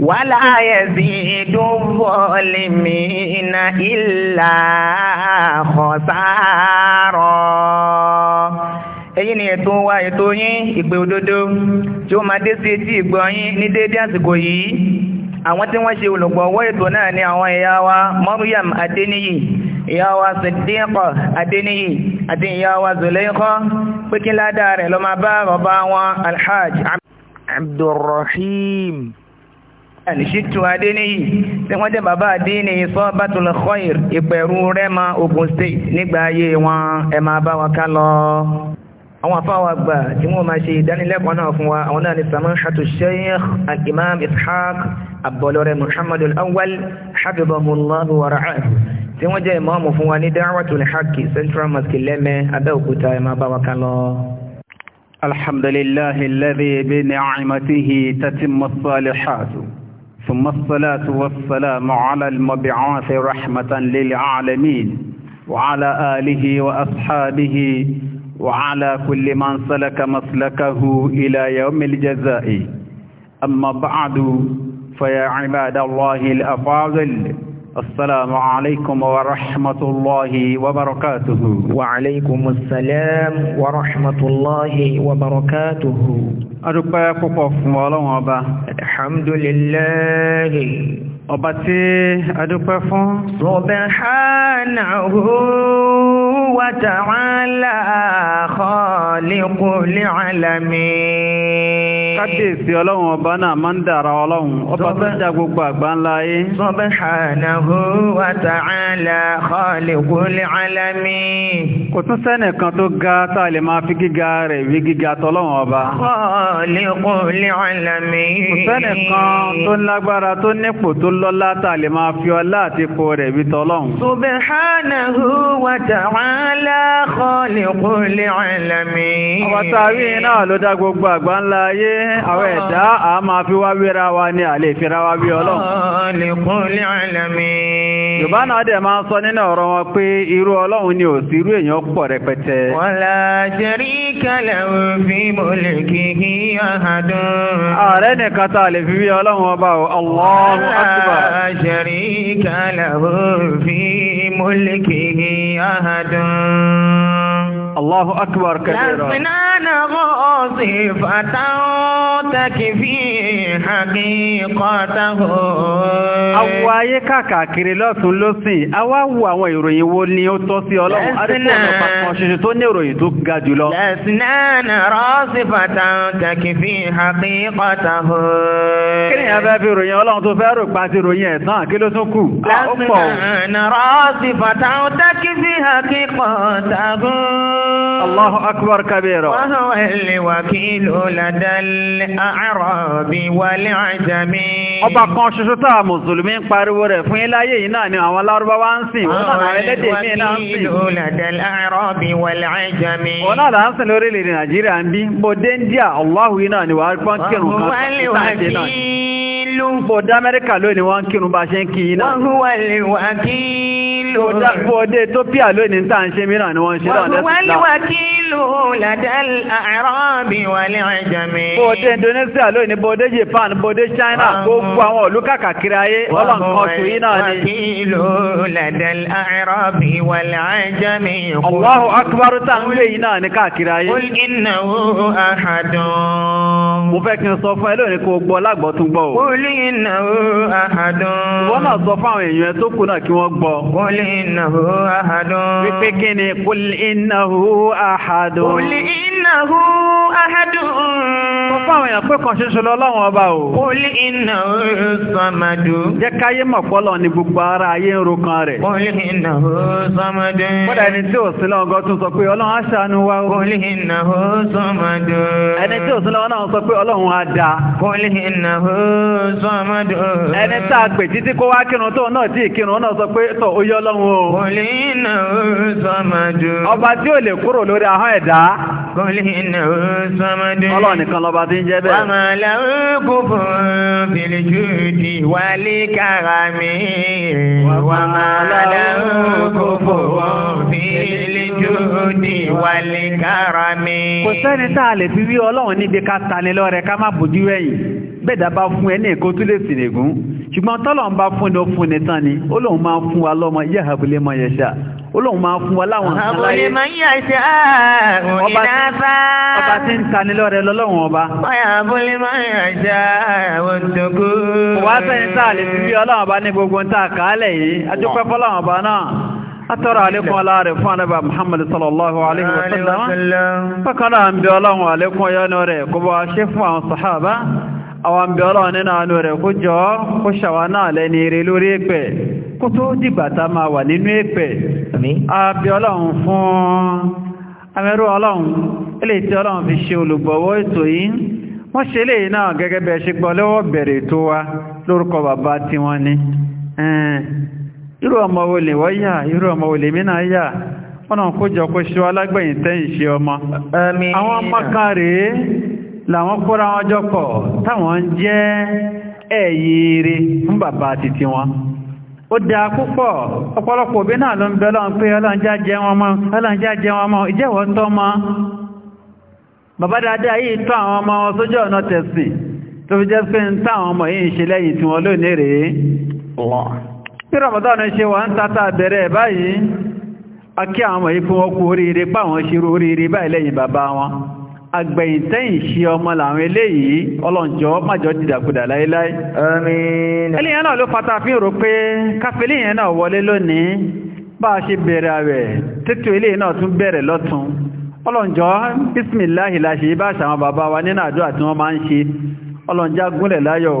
wàlá yazidu zalimina illa khasara èyí ni ètò wa ètò yín ìpè òdodo tí ó máa dé sí etí ìgbọ́ yín ní déédé àsìkò yìí àwọn tí wọ́n ṣe olùgbọ̀wọ́ ètò náà ni àwọn ìyá wa Maryam Adéníyì ìyá wa Siddiqa Adéníyì àti ìyá wa Zulaikha pé ládàá rẹ̀ lọ máa bá bàbá wọn Alhaj Abdulrahim àlìṣítù adéníyì tí wọ́n jẹ́ bàbá adéníyì sọ bátùlù khoir ìpẹ̀rú rẹ́mà Ogun State nígbà ayé wọn ẹ máa bá wọn ká lọ àwọn afáwà gbà tí wọ́n máa ṣe ìdánilẹ́kọ̀ọ́ náà fún wa àwọn náà ni samahatu sheikh al-imam ishaq abdulore muhammad al-awwal hafidhahullahu wa ra'ahu tí wọ́n jẹ́ ìmáàmù fún wa ní da'watul haqq central mosque lẹ́mẹ́ abẹ́òkúta ẹ bá wa ká lọ alhamdulillahi alladhi bi ni'matihi tatimmu as ثم الصلاة والسلام على المبعوث رحمة للعالمين وعلى آله وأصحابه وعلى كل من سلك مسلكه إلى يوم الجزاء أما بعد فيا عباد الله الأفاضل السلام عليكم ورحمة الله وبركاته وعليكم السلام ورحمة الله وبركاته أدوبا فوقو فوالون أبا الحمد لله أبا تي فون سبحانه وتعالى خالق العالمين kábíyèsí ọlọ́run ọba náà máa ń dàra ọlọ́run ọba tó ń jà gbogbo àgbà ńlá ayé. subhanahu wa ta'ala khaliqul alamin. kò tún sẹ́nìkan tó ga tá a lè máa fi gíga rẹ̀ wí gíga tọ́lọ́run ọba. khaliqul alamin. kò sẹ́nìkan tó lágbára tó nípò tó lọ́lá tá a lè máa fi ọlá àti ipò rẹ̀ wí tọ́lọ́run. ọba tá a rí iná ló dá gbogbo àgbà ńlá ayé àwọn ẹ̀dá a máa fi wá wéra wa ní àlè ìfira wa bí ọlọ́run. Yorùbá náà dẹ̀ máa sọ nínú ọ̀rọ̀ wọn pé irú ọlọ́run ni ò sí irú èèyàn pọ̀ rẹpẹtẹ. Ààrẹ nìkan tá lè fi bí ọlọ́run ọba o, Allahu akbar. Allahu akbar kabira. Lásìnánà ọ̀sì fàtàwọ́tàkì fi hàkí kọ́tàkù. Àwọ̀ ayé kàkàkiri lọ́tún lọ́sìn, a wá wo àwọn ìròyìn wo ni ó tọ́ sí ọlọ́run. Àdìpọ̀ ọ̀nà pàtàkì ṣoṣo tó ní ìròyìn tó ga jùlọ. Lásìnánà ọ̀sì fàtàwọ́tàkì fi hàkí kọ́tàkù. Kí ni abẹ́ fi ròyìn ọlọ́run tó fẹ́ rò pàtí ròyìn ẹ̀ kí ló tún kù? Lásìnánà ọ̀sì fàtàwọ́tàkì fi hàkí kọ́tàkù. الله أكبر kabira. وهو huwa al-wakilu lada al-a'rabi wal-ajami. Ọba kan ṣoṣo tá Mùsùlùmí ń pariwo rẹ̀ fún iláyé yìí náà ni àwọn Lárúbáwá ń sìn. Wọ́n náà ẹlẹ́dẹ̀ mí náà ń sìn. Wa huwa al-wakilu lada al-a'rabi wal-ajami. Wọ́n náà là ń sìn lórílẹ̀-èdè Nàìjíríà ń bí. Bó dé ń yìí náà ni wàá pọ́n kírun kan. Wa huwa al Bó dé Amẹ́ríkà lónìí wọ́n kírun bá ṣe ń kí yìí náà. Wa ó dákú ọdẹ tó pí àlónìí tàà ń ṣe mìíràn ni wọ́n ṣe láwọn lẹ́sùn láwọn ضلوا لدى الأعراب والعجم bóde Indonesia lónìí bóde Japan bóde China gbogbo àwọn òlú kàkàkiri ayé ọlọ́nkan tó yí náà ni. وضلوا لدى الأعراب والعجم. ń lé yìí náà ní káàkiri ayé. mo fẹ́ kí n sọ fún ẹ lónìí kó gbọ́ lágbọ́tún gbọ́ o. ìwọ náà sọ fún àwọn èèyàn tó kù náà kí wọ́n gbọ́. wípé kí ni قل إنه أحد ahadu. Kòlì innahu ahadu. Mo fún àwọn èèyàn pé kan ṣoṣo lọ́lọ́run ọba o. Kòlì innahu samadu. Jẹ́ káyé mọ̀ pọ́lọ̀ ni gbogbo ara ayé ń ro kan rẹ̀. Kòlì innahu samadu. Kódà ẹni tí ò sí lọ́wọ́ gan tún sọ pé ọlọ́run á wa o. Kòlì innahu samadu. Ẹni tí ò sí lọ́wọ́ náà sọ pé ọlọ́run á da. Kòlì innahu samadu. Ẹni tá a pè títí kó wá kírun tóun náà tí ì kírun náà sọ pé tọ̀ ó yọ ọlọ́run o. Kòlì innahu samadu. Ọba tí ò lè kúrò lórí ah ahọ́n ẹ̀dá. Kọ́lé iná ó jùdì wàlì kárami. kò sẹ́ni tá a lè fi rí ọlọ́run níbi ká tani lọ́rẹ ká má bójú ẹ̀yìn bẹ́ẹ̀ dábà fún ẹ ní èkó tó lè ṣùgbọ́n tọ́lọ̀ ń bá fún ní fún ni ni ó lòun máa fún wa lọ́mọ yẹ́ àbúlé mọ yẹ ṣá ó máa fún wa láwọn ọba tí ń tani lọ́rẹ lọ́lọ́run ọba. atọrọ àlékún ọlá rẹ̀ fún anábà Muhammad sallallahu alaihi wasallam fọ́kànlá ń bí ọlọ́run àlékún ọyọ́nú rẹ̀ kó bọ́ ṣe fún àwọn sàhábá àwọn bí ọlọ́run nínú àánú rẹ̀ kó jọ kó ṣàwà náà lẹ́ni eré lórí kó tó dìgbà tá máa wà nínú ọlọ́run fún amẹ́rú ọlọ́run irú ọmọ wo lè ya yà irú ọmọ wo lè mí yà ọ̀nà kójọ kó ṣe alágbẹ̀yìn tẹ́yìn ṣe ọmọ ọmọ làwọn kóra wọn jọ pọ̀ táwọn jẹ́ ẹ̀yẹ̀ẹ̀rẹ̀ fún bàbá títí wọn ó dáa púpọ̀ ọ̀pọ̀lọpọ̀ òbí náà ló ń bẹ lọ́n pé ọlọ́njá ọmọ jẹ́ bí Ramadan ṣe wà ń tata bẹ̀rẹ̀ báyìí akí àwọn ikú ọkù oríire páwọn ṣírò oríire báyìí lẹ́yìn bàbá wọn agbẹ̀yìntẹ́yìn ṣe ọmọ làwọn eléyìí ọlọ́njọ́ láíláí. náà ló fata fi pé káfílì yẹn wọlé lónìí bá a ṣe bẹ̀rẹ̀ àwẹ̀ títí eléyìí náà tún bẹ̀rẹ̀ lọ́tún ọlọ́njọ́ bá ṣàwọn bàbá wa nínú àdúrà tí wọ́n máa ń ṣe láyọ̀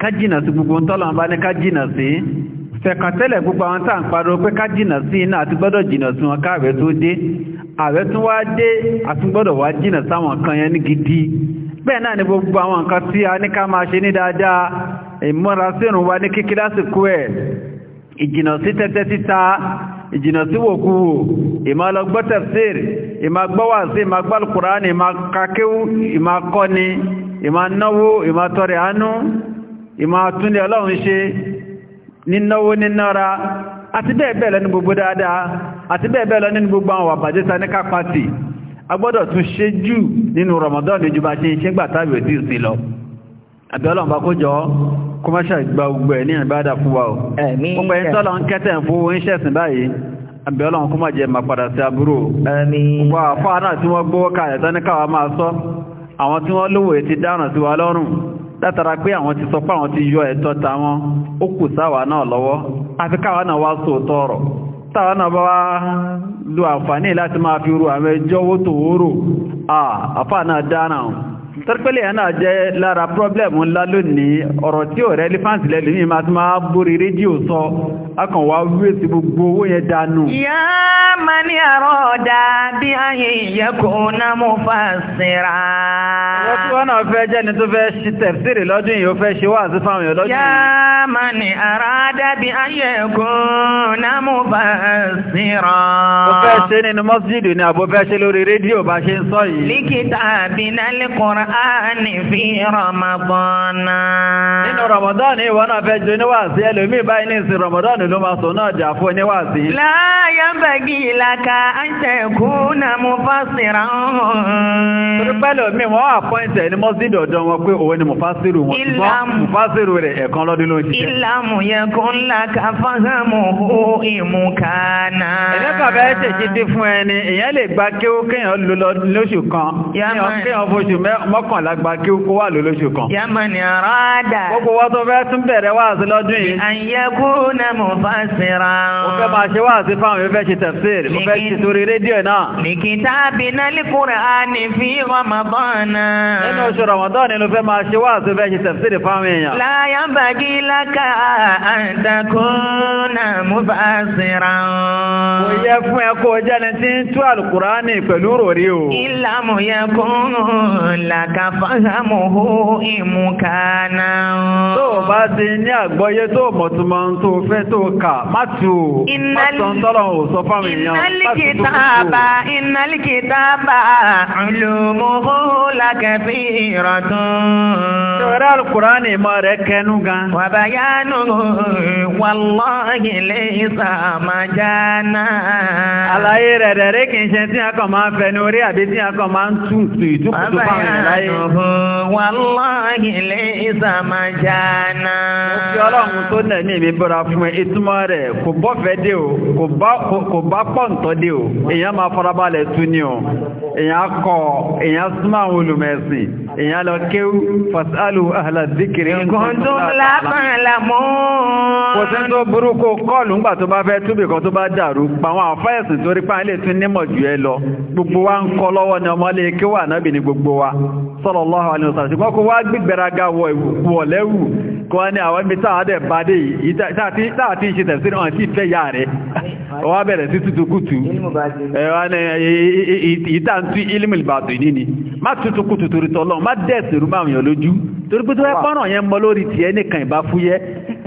kájìnà sí gbogbo tọ́lọ̀ bá ní kájìnà sí fẹ̀kàntẹ́lẹ̀ gbogbo àwọn tàà ń parọ́ pé kájìnà sí iná àti gbọ́dọ̀ jìnà sí wọn káàwẹ̀ tó dé àwẹ̀ tún wá dé àti gbọ́dọ̀ wá jìnà sáwọn kan yẹn ní gidi bẹ́ẹ̀ náà ni gbogbo àwọn nǹkan tí a ní ká máa ṣe ní dáadáa ìmúra sírun wa ní kíkí lásìkò ẹ̀ ìjìnà sí tẹ́tẹ́ títa ìjìnà sí wòkúwò ìmọ̀lọgbọ́tẹ̀síìrì ìmọ̀gbọ́wàsí ìmọ̀gbọ́lùkùránì ìmọ̀kakéwú ìmọ̀kọ́ni ìmọ̀náwó ìmọ̀tọrẹ àánú ìmọ̀ àtúnlẹ̀ ọlọ́run ṣe nínáwó nínára àti bẹ́ẹ̀ bẹ́ẹ̀ lọ ní gbogbo dáadáa àti bẹ́ẹ̀ bẹ́ẹ̀ lọ nínú gbogbo àwọn àbàjẹ́ta ní kápátì a gbọ́dọ̀ tún ṣe jù nínú Ramadan ní jùba ṣe ṣe ń gbà tàbí òtí ìsìn lọ àbí ọlọ́run bá kó jọ kó má ṣàgbà gbogbo ẹ̀ ní ìbádà fún wa o gbogbo ẹ̀ àwọn tí wọ́n lówó ètí dáràn sí wa lọ́rùn látara pé àwọn ti sọ pé àwọn ti yọ ẹ̀tọ́ tàwọn ó kù sáwà náà lọ́wọ́ àfi káwà náà wá sóòtọ́ ọ̀rọ̀ táwà náà bá wá lo àǹfààní láti máa fi ru àwọn ẹjọ́ wó tòórò àfà náà dáná tọ́pẹ́lẹ̀ yẹn náà jẹ́ lára pọ́blẹ̀mù ńlá lónìí ọ̀rọ̀ tí ò rẹ̀ lífáǹsì lẹ́lú ní máa tí máa bórí rédíò sọ akọ̀wà wíwèsí gbogbo owó yẹn dánú. yá máa ní àrọ̀ ọ̀dà bí ayé ìyẹ́kùn náà mú fà wọ́n náà fẹ́ jẹ́ni tó fẹ́ ṣe tẹ̀síìrì lọ́dún yìí ó fẹ́ ṣe wá fáwọn èèyàn yá máa ní àrọ̀ ọ̀dà bí ayé ìyẹ́kùn náà mú fà ó fẹ́ ṣe nínú mọ́sídìí ni àbó fẹ́ ṣe lórí rédíò bá ṣe ń sọ yìí. líkítà àbínálẹ́kùnrin Kùránì fi Ramadana. Nínú Ramadana ìwọ náà fẹ́ jó níwàásí ẹlòmíì báyìí ní ìsìn Ramadana ló máa sọ náà jà fún níwàásí. Láyọ̀ bẹ̀gì ìlàkà àṣẹkù náà mo fà síra hàn. Torí pẹ́lú mi, wọ́n wà pọ́ìntẹ̀ ní mọ́sídìí ọ̀dọ́ wọn pé òun ni mo fà sírù wọn. Mo fà sírù rẹ̀ ẹ̀kan lọ́dún ló ń ṣiṣẹ́. Ìlàmù yẹ kó ńlá ka fáhámù hó ìmú kánà. Ẹ̀jẹ̀ kàbẹ́ ṣèṣ mọ́kànlá gba kí ó kó wà lólóṣù kan. yamani arada. gbogbo wọ́n tó fẹ́ tún bẹ̀rẹ̀ wáàsí lọ́dún yìí. àyẹ̀kú na mo fa sira. mo fẹ́ máa ṣe wáàsí fáwọn ìfẹ́ ṣe tafsir mo fẹ́ ṣe torí rédíò náà. nìkìtà bínálì Kùránì fi Ramadan. nínú oṣù Ramadan ni mo fẹ́ máa ṣe wáàsí fẹ́ ṣe tafsir fáwọn èèyàn. láyà bàgí lákà àdàkùnà mo fa sira. kò yẹ fún ẹ kó jẹ́ni tí ń tú àlùkùránì pẹ̀lú rò làkà fáhámùhó ìmúkaná. tó o bá ti ní àgbọ́yé tó o mọ̀túnmọ́ tó o fẹ́ tó o kà má tù ú má sọ fáwọn èèyàn má tó o kù. ìnálìkì tábà ìlúmọ̀hó làkà fi ìrọ̀tún. ṣòro alukurani mọ rẹ kẹnu gan. wàbáyánu wàlọ́ọ̀hì lè sàmájáná. àlàyé rẹ̀ rẹ̀ rẹ̀ kì í ṣe tí a kàn máa ń fẹnu orí àbí tí a kàn máa ń tù ìtúkùtù fáwọn èèyàn láyé. Ìnùhù wàláhì lè ìsàmà jáná. Mo fi ọlọ́run tó nà ní ìbí bọ́ra fún ẹ, ìtumọ̀ rẹ̀ kò bọ́fẹ́ dé o, kò bá pọ̀ǹtọ́ dé o, èèyàn máa farabalẹ̀ tú ni o, èèyàn kọ, èèyàn súnmọ́ àwọn olùmẹ̀sìn, èèyàn lọ kéwú, fasalu ahla zikiri. Nǹkan tó lápàá lámọ́. Kò sí tó burú kó kọ́ọ̀lù ńgbà tó bá fẹ́ túbì kan tó bá dàrú, pàwọn àfáyẹ̀sìn torí pàálẹ̀ tún nímọ̀ jù ẹ lọ. Gbogbo wa ń kọ́ lọ́wọ́ ni ọmọlé kí wà náà bì ní gbogbo wa sallallahu alaihi wasallam ṣùgbọ́n kó wá gbígbẹ̀raga wọ̀ lẹ́wù kọ́ ní àwọn ibi táàdẹ̀ bá dé yìí táàtí ṣe tẹ̀sí náà sí ìfẹ́ yà rẹ̀ wọ́n bẹ̀rẹ̀ sí tutukutu ìtàntí ilmul batini ni má tutukutu torítọ́lọ́ má dẹ̀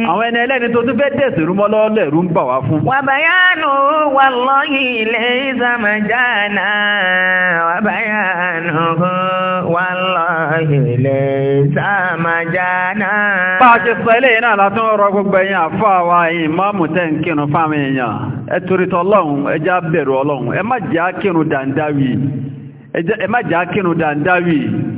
àwọn ẹni ẹlẹ́ni tó tún fẹ́ tẹ̀sì rúmọ́ lọ́lẹ̀ rú ń bà fún. wàbáyánù wallahi laysa majana wàbáyánù wallahi laysa majana. bá a ṣe sọ eléyìí náà látún rọ gbogbo ẹ̀yin àfáà wa máàmù ń kírun fáwọn èèyàn ẹ ẹ já ẹ má ẹ má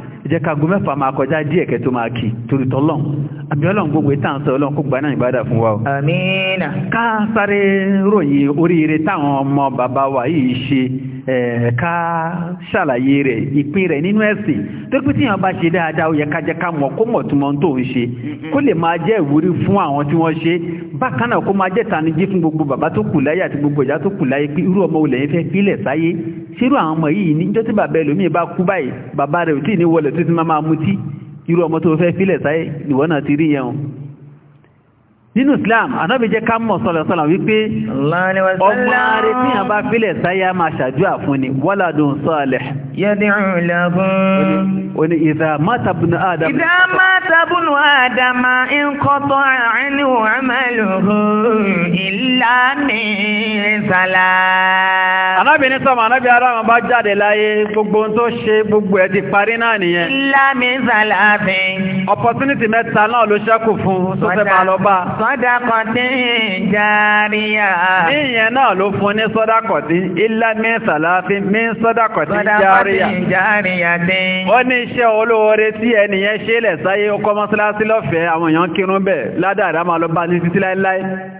jẹ́ kagun mẹ́fà máa kọjá díẹ̀ kẹ́ tó máa kì torí tọ́lọ́n àbí ọlọ́n gbogbo ìtàn sọ ọlọ́n kó gbaná ìbádà fún wa o. àmín. ká sáré ròyìn oríire táwọn ọmọ bàbá wa yìí ṣe ká ṣàlàyé rẹ̀ ìpín rẹ̀ nínú ẹ̀sìn tó pé tíyàn bá ṣe dáadáa ó yẹ ká jẹ́ ká mọ̀ kó mọ̀ tó mọ̀ tó ń ṣe kó lè máa jẹ́ ìwúrí fún àwọn tí wọ́n ṣe bákan náà kó máa jẹ́ tanijí fún gbogbo bàbá tó kù láyé àti gbogbo ìyá tó kù láyé pé irú ọmọ olè yẹn fẹ́ pílẹ̀ sáyé ṣírú àwọn ọmọ yìí níjọ́ tí bàbá ẹlòmíì bá kú báyìí bàbá rẹ̀ ò tí ì ní wọlé tó ti máa máa mutí irú ọmọ tó fẹ́ pílẹ̀ sáyé ìwọ náà ti rí yẹn o nínú islam anábi jẹ́ ká mọ̀ sọ́lọ̀sọ́lọ̀ wípé ọmọ ààrẹ tí a bá fílẹ̀ sáyá máa ṣàdúrà fún ni waladun salih yad'u lahum oní ìdá mátabùnú àdàmà ìdá mátabùnú àdàmà in qata'a anhu amaluhu illa sálá. Anábìnrin sọmọ anábì aráàmù bá jáde láyé gbogbo tó ṣe gbogbo ẹ̀ ti parí náà nìyẹn. Lámi sálá fi. Opportunity mẹ́ta náà ló ṣẹ́kù fún tó fẹ́ máa lọ bá. Sọ́dákọ̀tì járíyà. Ní ìyẹn náà ló fún ní sọ́dákọ̀tì. Ilá mi sálá fi mí sọ́dákọ̀tì járíyà. Sọ́dákọ̀tì járíyà dé. Ó ní iṣẹ́ olóore tí ẹnìyẹn ṣe lẹ̀ sáyé ó kọ́ mọ́sálásí lọ́fẹ̀ẹ́ àwọn èèyàn kírun bẹ́ẹ̀ ládàá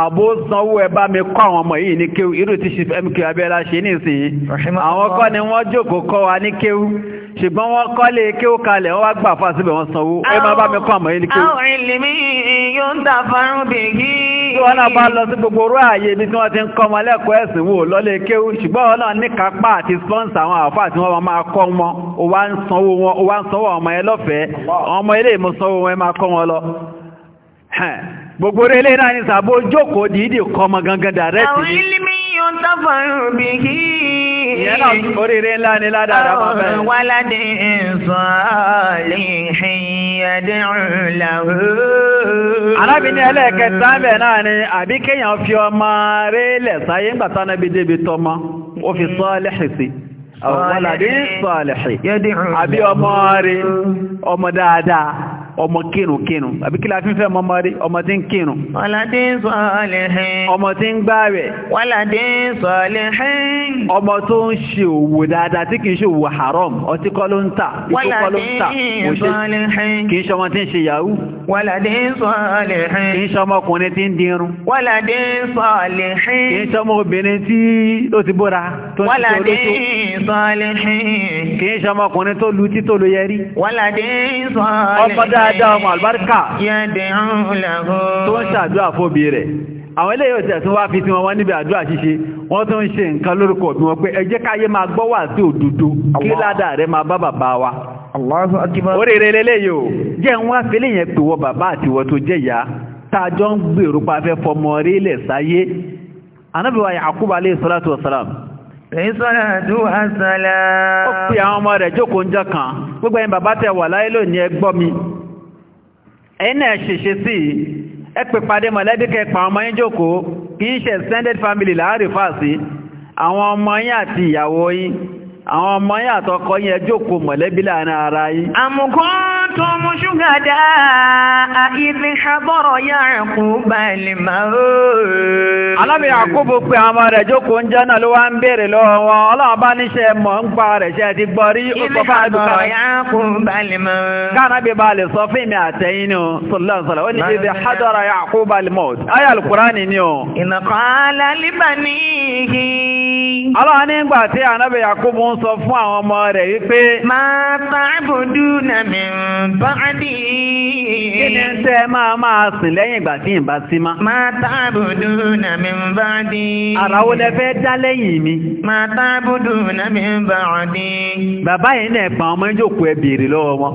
àbó sanwó ẹ bá mi kọ́ àwọn ọmọ yìí ní kéwú irú tí mk abẹ́lá ṣe nísìnyí àwọn kọ́ ni wọ́n jókòó kọ́ wa ní kéwú ṣùgbọ́n wọ́n kọ́lé kéwú kalẹ̀ wọ́n wá gbà fà síbẹ̀ wọ́n sanwó ẹ máa bá mi kọ́ àmọ́ yìí ní kéwú. àwọn ìlìmí yóò ń ta farun bèyí. tí wọ́n náà bá lọ sí gbogbo orú ààyè ibi tí wọ́n ti ń kọ́ ọmọ lẹ́kọ̀ọ́ ẹ̀sìn wò lọ́lé kéwú ṣùgbọ́n gbogbo relé náà ní sàbó jókòó dìídì kọmọ gangan dàrẹ́tì àwọn ilimi yóò tàbàrù bí kí ìyẹn oríire ńlá ni ládàrá máa bẹ̀rẹ̀ wà ládé ìsọ̀lẹ̀ ìyẹ̀dẹ̀ ìlàwó arábìnrin ẹlẹ́ẹ̀kẹta ń bẹ̀ náà ni àbí kéèyàn fi ọmọ rélẹ̀ sáyé ń gbàtà náà bí débi tọmọ ó fi sọ́ọ̀lẹ̀ sí àwọn ọmọ kírun kírun àbí kí la fi ń fẹ́ ọmọ tí ń kírun. ọmọ tí ń gbààwẹ̀. wàládé ọmọ tó ń ṣe òwò dáadáa tí kìí ṣe òwò haram ọtí kọ́ kìí ṣe ọmọ tí ń ṣe yahoo. kìí ṣe ọmọkùnrin tí ń dirun. kìí ṣe ọmọ obìnrin tí ó ti bóra tó ń ṣe olóṣó. kìí ṣe ọmọkùnrin tó lu títò ló yẹrí. wàládé dáadáa ọmọ àlùbáríkà tó ń ṣàdúrà fóbi rẹ̀ àwọn ilé yóò tẹ̀ tún wá fi tí wọ́n wọ́n níbi àdúrà ṣíṣe wọ́n tún ń ṣe nǹkan lórúkọ bí wọ́n pé ẹ jẹ́ káyé máa gbọ́ wà sí òdodo kí ládàá rẹ máa bá bàbá wa Allahu akbar oríire lélẹ́yìí o jẹ́ ń wá fílẹ̀ yẹn pè wọ bàbá àtiwọ́ tó jẹ́ ìyá tàjọ ń gbèrú pa fẹ́ fọmọ rí lẹ̀ sáyé Ànábì Ó pè àwọn ọmọ rẹ̀ jókòó ń jọ kan. Gbogbo ẹ̀yin bàbá tẹ wà láyé lónìí ẹ mi ẹ̀nà ṣèṣe sí ẹ pè pàdé mọ̀lẹ́bí kẹpa ọmọ yín jókòó kì í ṣe extended family láàárín fàásí àwọn ọmọ yín àti ìyàwó yín àwọn ọmọ yín àtọkọ yín ẹ mọ̀lẹ́bí láàárín ara yín àmùkọ́ كنتم شهداء إذ حضر يعقوب الموت alábi àkóbò pé àwọn rẹ̀ jókòó ń jẹ́nà ló wá ń béèrè lọ́wọ́ wọn ọlọ́run bá níṣẹ́ mọ̀ ń pa rẹ̀ ṣe ti gbọ́ rí ọkọ̀ bá dùkọ̀ káàbí bá lè sọ ó ní ibi hadara Yaqub al-maut ayé al ó. Allah ní ìgbà tí ànábẹ̀ Yakubu ń sọ fún àwọn ọmọ rẹ̀ wípé ma ta'buduna min ba'di kí ni tẹ́ máa máa sìn lẹ́yìn ìgbà tí ìbá sí má ma ta'buduna min ba'di àràwò lẹ́fẹ́ dá lẹ́yìn mi ma ta'buduna min ba'di bàbá yìí náà pa ọmọ ìjókòó ẹ bèèrè lọ́wọ́ wọn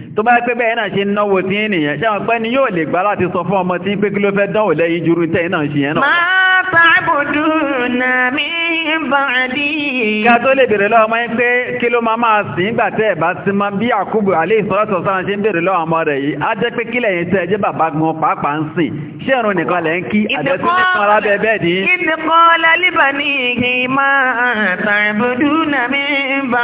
tó bá pẹ́ bẹ́ẹ̀ náà ṣe náwó tí ń nìyẹn ṣe àwọn pẹ́ ni yóò lè gbá láti sọ fún ọmọ tí pé kí ló fẹ́ dánwò lẹ́yìn juru tẹ́ náà ṣe yẹn náà. máa tàbùdù náà mi bá dì í. ká tó lè bèrè lọ́wọ́ máa ń pé kí ló máa máa sìn ígbà tẹ́ ẹ̀ bá ti máa bí àkúbù alẹ́ ìsọ́lọ́sọ̀ sára ṣe ń bèrè lọ́wọ́ ọmọ rẹ̀ yìí á jẹ́ pé kílẹ̀ yẹn mi bá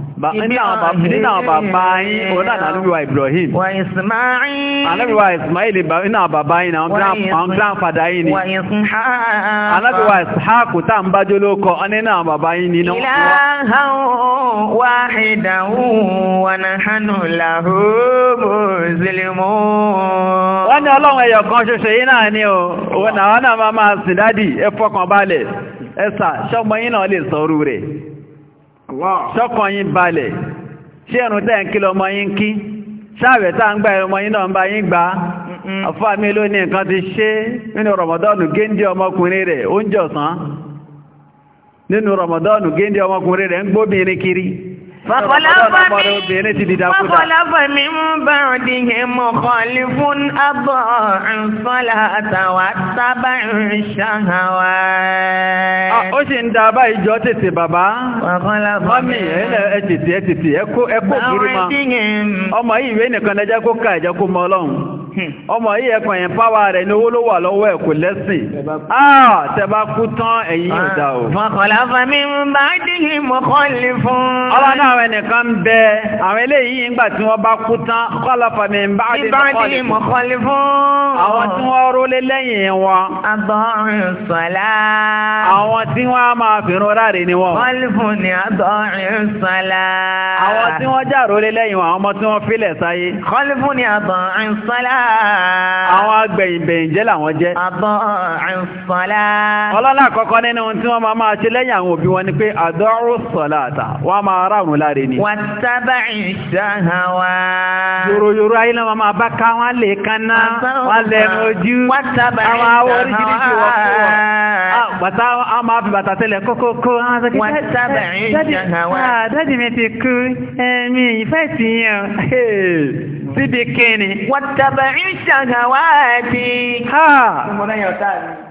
nínú àwọn bàbá yín ọ̀dá ànábíwá Ibrahim ànábíwá Ismail nínú àwọn bàbá yín ni ọlọ́run ẹyọ kan ṣoṣo yìí náà ni o wọ́n náà máa máa sìn dádì ẹ fọkàn balẹ̀ ẹ̀sà ṣọ́gbọ́n yín náà lè sọ orú rẹ̀ ṣọ́kàn yín balẹ̀ ṣé ẹ̀rùn tẹ́ kí tá ń ọmọ yín náà ń bá yín gbà ọ̀fọ́ àmì ló ní nǹkan ti ṣe nínú rọmọdọ́nù géńdé ọmọkùnrin rẹ̀ oúnjẹ ọ̀sán nínú rọmọdọ́nù géńdé ọmọkùnrin rẹ̀ ń gbóbìnrin Fọ́fọ́láfọ́ mi mú bẹ̀rù di hẹmọ̀ kọ̀lì fún àbọ̀ ìfọ́lá àtàwà sábà ìṣàhàwà. Ó ṣe ń da bá ìjọ tètè bàbá. Fọ́fọ́láfọ́ mi ẹ tètè ẹ tètè ẹ kó burú ma. Ọmọ yìí ìwé nìkan lẹ́jẹ́ kó ká ẹ̀jẹ̀ kó mọ ọlọ́run. Hmm. Ọmọ yìí ẹ̀kan yẹn páwa rẹ̀ ní owó ló wà lọ́wọ́ ẹ̀ kò lẹ́sìn. Tẹ bá kú tán ẹ̀yìn ìdá o. Fọ́fọ́láfọ́ mi mú bá dìhì mọ́kànlé fún. Ọlọ́run náà àwọn ẹnìkan bẹ àwọn eléyìí ń gbà tí wọ́n bá kú tán kọ́lọ̀fà mi ń bá dì mọ́kànlẹ̀ fún àwọn tí wọ́n rólé lẹ́yìn wọn adọ́rin sọ́lá àwọn tí wọ́n á máa fi rọrá rẹ̀ ni wọ́n kọ́lífún ni adọ́rin sọ́lá àwọn tí wọ́n já rólé lẹ́yìn wọn àwọn ọmọ tí wọ́n fílẹ̀ sáyé kọ́lífún ni adọ́rin sọ́lá àwọn agbẹ̀yìnbẹ̀yìn jẹ́ làwọn jẹ́ adọ́rin sọ́lá ọlọ́lá àkọ́kọ́ nínú tí wọ́n máa máa ṣe lẹ́yìn àwọn òbí wọn ni pé adọ́rin sọ́lá àtà wọ́n máa rárùn lá rẹ̀ ni. wà tábà ìṣàhà wa. yòròyòrò ayé náà máa bá ká wọn lè kaná wọn lè mojú àwọn awọ oríṣiríṣi wọ fún wọn. Ah, bàtà àwọn máa fi bàtà tẹlẹ kókókó. wà tábà ìṣàhà wa. dájú mi ti kú ẹ̀mí eh, ìfẹ́ sí yẹn síbi kíni. wà tábà ìṣàhà wa ti. ọmọ náà yọ̀ tá a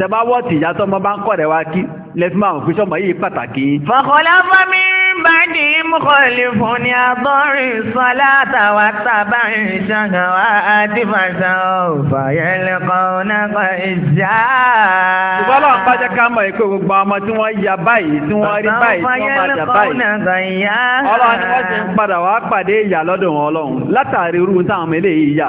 tẹba wọ́tí ìyá tọ́mọ bá ń kọ̀ rẹ̀ wá kí lẹ́fí máa òfin sọmọ yìí pàtàkì yìí. fọkànlá fami bá di mọ́kànlí fún ni àbọ̀rì sọlá àtàwà tàbá ìṣàgà wa àdìfàṣà ọ̀fà yẹlẹ́kọ̀ náà ìṣá. ṣùgbọ́n lọ́wọ́ pàjẹ́ ká mọ̀ pé gbogbo ọmọ tí wọ́n ya báyìí tí wọ́n rí báyìí tí wọ́n máa jà báyìí. ọlọ́run ni wọ́n ti ń padà wá pàdé ìyà lọ́dọ̀ wọn ọlọ́run látàrí irú táwọn eléyìí yà.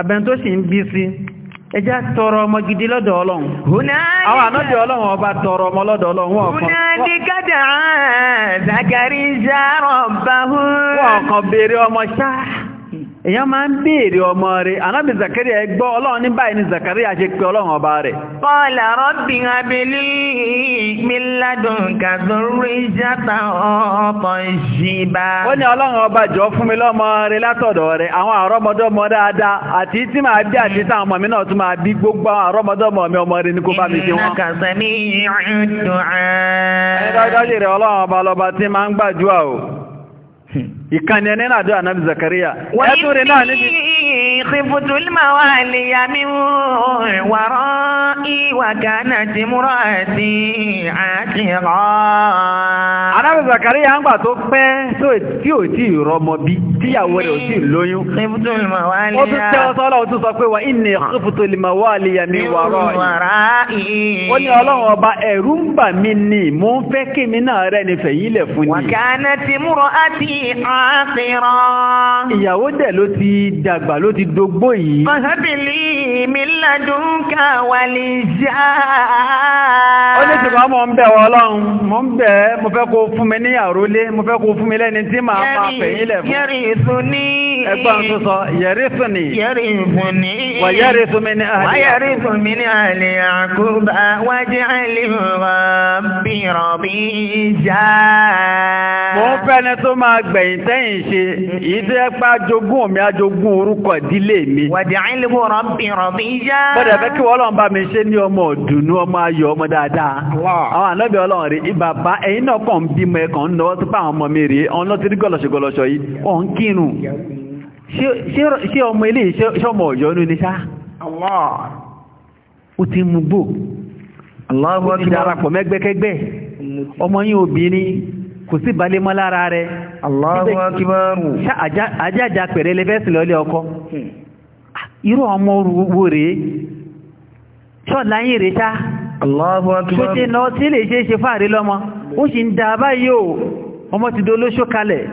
abẹ́n tó sì ń bí sí ẹjá tọrọ ọmọ gidi lọ́dọ̀ ọlọ́run àwọn ànájọ ọlọ́run ọba tọrọ ọmọ lọ́dọ̀ ọlọ́run wọ́n ọ̀kan wọ́n èyàn máa ń béèrè ọmọ rẹ̀ anábì zakaria ẹgbọ́ ọlọ́run ní báyìí ni zakaria ṣe pé ọlọ́run ọba rẹ̀ qala rabbi habli ó ní ọlọ́run ọba jọ fún mi lọ́mọ rẹ̀ látọ̀dọ̀ rẹ̀ àwọn àrọ́mọdọ́mọ dáadáa àti tí bí àti ọmọ mi náà tún máa bí gbogbo àwọn àrọ́mọdọ́mọ mi ọmọ rẹ̀ kó bá mi wọ́n ìkànnì ẹni náà dọ́ ànábì Zakariya ẹ̀tùrì náà níbi ìkìfùtùl mawaliya min warai wa kanat imraati aaqira ànábì Zakariya ń gbà tó pẹ́ tí ò tí ì rọmọ bí tíyàwó rẹ̀ ò sí lóyún. ó tún tẹ́wọ́ sọ́lá ó tún sọ pé wà inni khiftu al-mawaliya min wara'i. ó ní ọlọ́run ọba ẹ̀rù ń bà mí ni mò ń fẹ́ kí mi náà rẹ̀ nífẹ̀ẹ́ yìí lẹ̀ fún ni. wa kanat imra'ati 'aqira. ìyàwó dẹ̀ ló ti dàgbà ló ti dogbó yìí. fahabli min ladunka waliyya. ó ní ṣùgbọ́n mò ń bẹ̀ wọ ọlọ́run mò ń bẹ̀ mo fẹ́ kó fún mi ní àrólé mo fẹ́ kó fún mi lẹ́ni tí màá máa fẹ̀yìn lẹ̀ fún. yẹ́rì yẹrìsùnì. ẹgbọ́n tó sọ yẹrìsùnì. yẹrìsùnì. wà yẹrìsùnmi ní àlè. wà yẹrìsùnmi ní àlè àkóbá wájú àlè rọ̀bì rọ̀bì ìjà. mo ń fẹ́ni tó máa gbẹ̀yìn tẹ́yìn ṣe èyí tó yẹ pé ajogún mi ajogún orúkọ ìdílé mi. wàjú àlè rọ̀bì rọ̀bì ìjà. bọ́dà fẹ́ kí wọ́n lọ́n bá mi ṣe ní ọmọ ọ̀dùnú ọmọ ayọ̀ ọmọ dáadáa. àwọn ànábì ọlọ́run rí ibàbá ẹ̀yin náà kàn ń bímọ ẹ̀kàn ń lọ́wọ́ sí àwọn ọmọ mi rèé ọ̀n lọ́tí rí gọlọ́ṣọ̀gọlọ́ṣọ̀ yìí ọ̀n kínú ṣé ọmọ ilé ṣọ́mọ̀ ọ̀yọ́ ní ṣá ó ti mú gbò ó ti darapọ̀ mẹ́gbẹ́kẹ́gbẹ́ ọmọ obìnrin kò sí balẹ̀ mọ́ lára rẹ̀ ajájá pẹ̀rẹ̀ hmm. ah, irú ọmọ wo rèé ṣọ́ọ̀lá yìí rèé ṣá ti lọ sí lè ṣe ṣe fáàrí lọ́mọ ó ń báyìí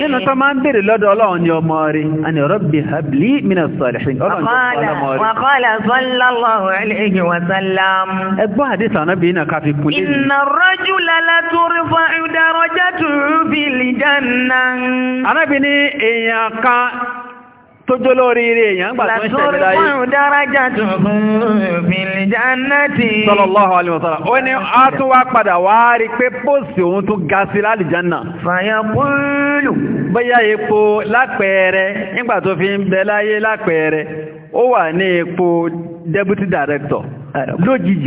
nínú tó máa ń bèèrè lọ́dọ̀ ọlọ́run ni ọmọ rí a ni rabbi habli minas salihin ọlọ́run tó ọmọ rí. wa qala sallallahu alayhi wa ẹgbọ́n hadith tó jó lórí eré èèyàn gbà tó ń ṣẹ̀lẹ̀ láyé. làtúrùn dárájà tó fìlì jánátì. sallallahu a tún wá padà wá rí pé póòsì òun tún ga sí lálìjánà. fàyà púlù. bóyá epo lápẹẹrẹ nígbà tó fi ń bẹ láyé lápẹẹrẹ ó wà ní epo deputy director lójijì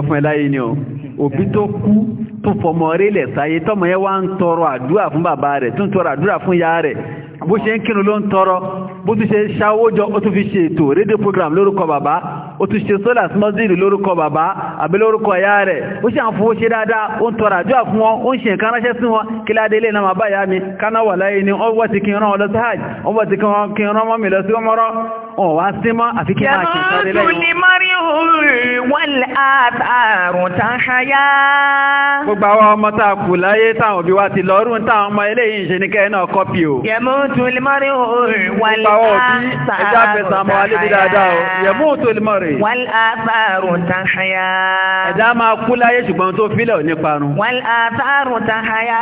fún ẹ láyé ni o òbí tó kú tó fọmọ rélẹ̀ sáyé tọmọ yẹn wá ń tọrọ àdúrà fún bàbá rẹ̀ tó ń tọrọ àdúrà fún rẹ̀ bó ṣe ń ló ń tọrọ bó tún ṣe ó tún fi ṣe program lórúkọ bàbá ó tún ṣe sólà lórúkọ bàbá àbí lórúkọ rẹ̀ ó ṣe àwọn fowó ṣe dáadáa ó ń tọrọ àdúrà fún wọn ó ń ṣe nǹkan ránṣẹ́ sí wọn kí ládé ilé náà mi láyé ni wọ́n ti kí n rán lọ sí hajj wọn wá sí mọ́ àfi kí máa ṣe sọ́rẹ́ lẹ́yìn wọn. jẹ́mọ́ tún ní mọ́ríhùn wọ́n àtàrùn tán ṣáyá. gbogbo àwọn ọmọ tá a kù láyé táwọn òbí wa ti lọ́rùn táwọn ọmọ eléyìí ṣe ní kẹ́ẹ̀ náà kọ́pì o. jẹ́mọ́ tún ní mọ́ríhùn wọ́n àtàrùn tán ṣáyá. ẹ̀dá máa kú láyé ṣùgbọ́n tó fílẹ̀ ò ní parun. wọ́n àtàrùn tán ṣáyá.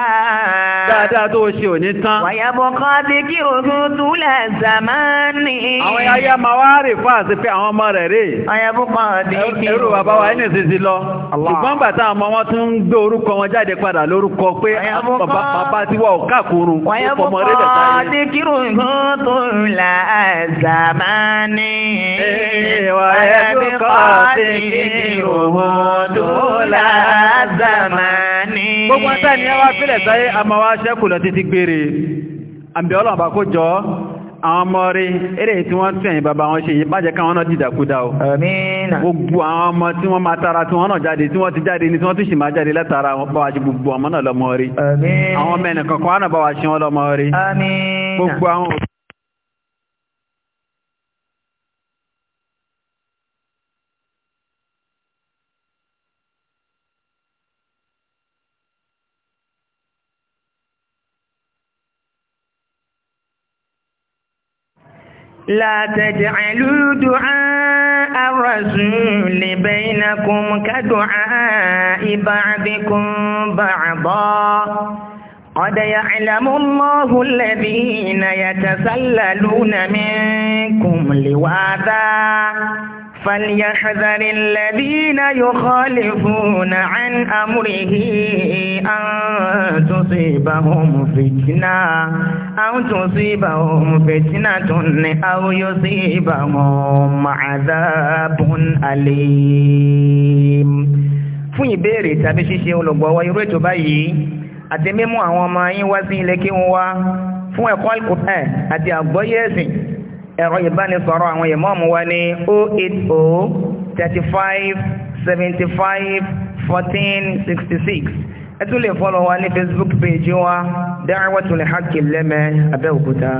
yá ma wá rè fún àti pé àwọn ọmọ rẹ̀ rè. ayabo máa ní kí. ẹrù bàbá lọ. ṣùgbọ́n bàtà àwọn ọmọ wọn tún ń gbé orúkọ wọn jáde padà lórúkọ pé bàbá ti wà òkà kúrú. ayabo máa ní kírù nǹkan tó ń la tó gbogbo àwọn ọmọ rí eré tí wọ́n tún ẹ̀yìn bàbá wọn ṣe yìí bájẹ́ káwọn náà dìdàkúdà o gbogbo àwọn ọmọ tí wọ́n máa tara tí wọ́n náà jáde tí wọ́n ti jáde ní tí wọ́n tún sì máa jáde látara wọn bá wa ṣe gbogbo ọmọ náà lọ́mọ rí àwọn ọmọ ẹnìkan kan wọ́n náà bá wa ṣe wọn lọ́mọ rí gbogbo àwọn لا تجعلوا دعاء الرسول بينكم كدعاء بعضكم بعضا قد يعلم الله الذين يتسللون منكم لواذا فليحذر الذين يخالفون عن أمره أن تصيبهم فتنة àwọn tó sí ibà ohun fẹ̀tínà tó fún ìbéèrè tàbí ṣíṣe olùgbọ̀wọ́ irú ètò báyìí àti mímú àwọn ọmọ yín wá sí ilé kí wọ́n wá fún ẹ̀kọ́ alkùnrin àti àgbọ́yé ẹ̀sìn ẹ̀rọ ìbánisọ̀rọ̀ àwọn ìmọ̀ọ̀mù wa ní 080 35 75 14 66 ẹ tún lè fọ́lọ̀ wa ní Facebook page wa Da'watul Haqqi lẹ́mẹ̀ẹ́ Abẹ́òkúta